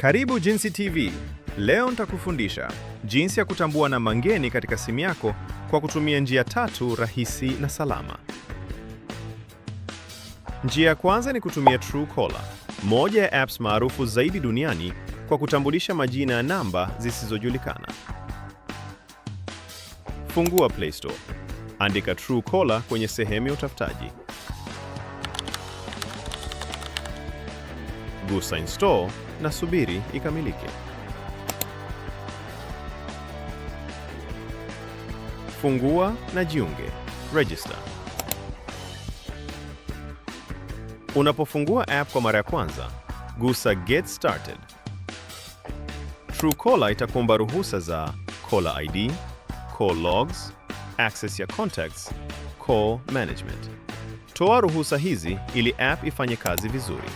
Karibu Jinsi TV. Leo nitakufundisha jinsi ya kutambua namba ngeni katika simu yako kwa kutumia njia tatu rahisi na salama. Njia ya kwanza ni kutumia Truecaller, moja ya apps maarufu zaidi duniani kwa kutambulisha majina ya namba zisizojulikana. Fungua Play Store, andika Truecaller kwenye sehemu ya utafutaji. gusa install na subiri ikamilike. Fungua na jiunge. Register. Unapofungua app kwa mara ya kwanza, gusa get started. Truecaller itakuomba ruhusa za caller ID, call logs, access ya contacts, call management. Toa ruhusa hizi ili app ifanye kazi vizuri.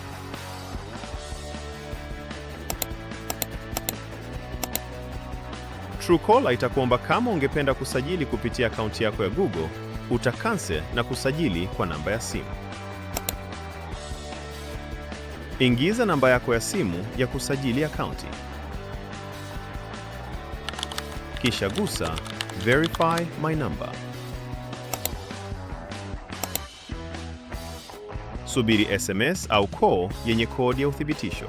Truecaller itakuomba kama ungependa kusajili kupitia akaunti yako ya Google, utakanse na kusajili kwa namba ya simu. Ingiza namba yako ya simu ya kusajili akaunti, kisha gusa verify my number. Subiri SMS au call yenye kodi ya uthibitisho.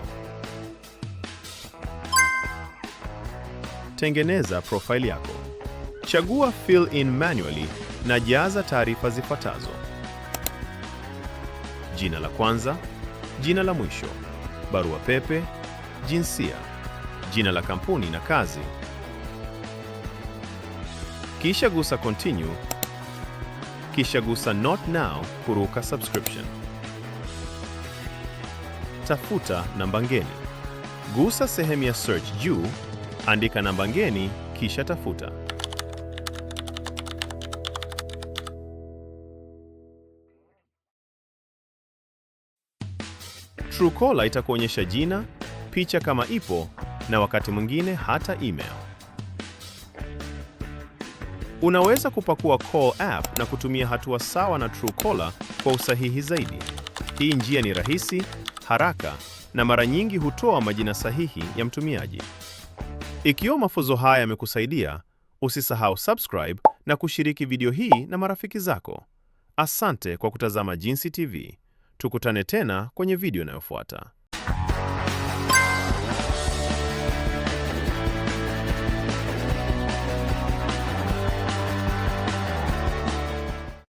kutengeneza profile yako. Chagua fill in manually na jaza taarifa zifuatazo: jina la kwanza, jina la mwisho, barua pepe, jinsia, jina la kampuni na kazi. Kisha gusa continue, kisha gusa not now kuruka subscription. Tafuta namba ngeni, gusa sehemu ya search juu Andika namba ngeni kisha tafuta. Truecaller itakuonyesha jina, picha kama ipo na wakati mwingine hata email. Unaweza kupakua Call app na kutumia hatua sawa na Truecaller kwa usahihi zaidi. Hii njia ni rahisi, haraka na mara nyingi hutoa majina sahihi ya mtumiaji. Ikiwa mafunzo haya yamekusaidia, usisahau subscribe na kushiriki video hii na marafiki zako. Asante kwa kutazama Jinsi TV. Tukutane tena kwenye video inayofuata.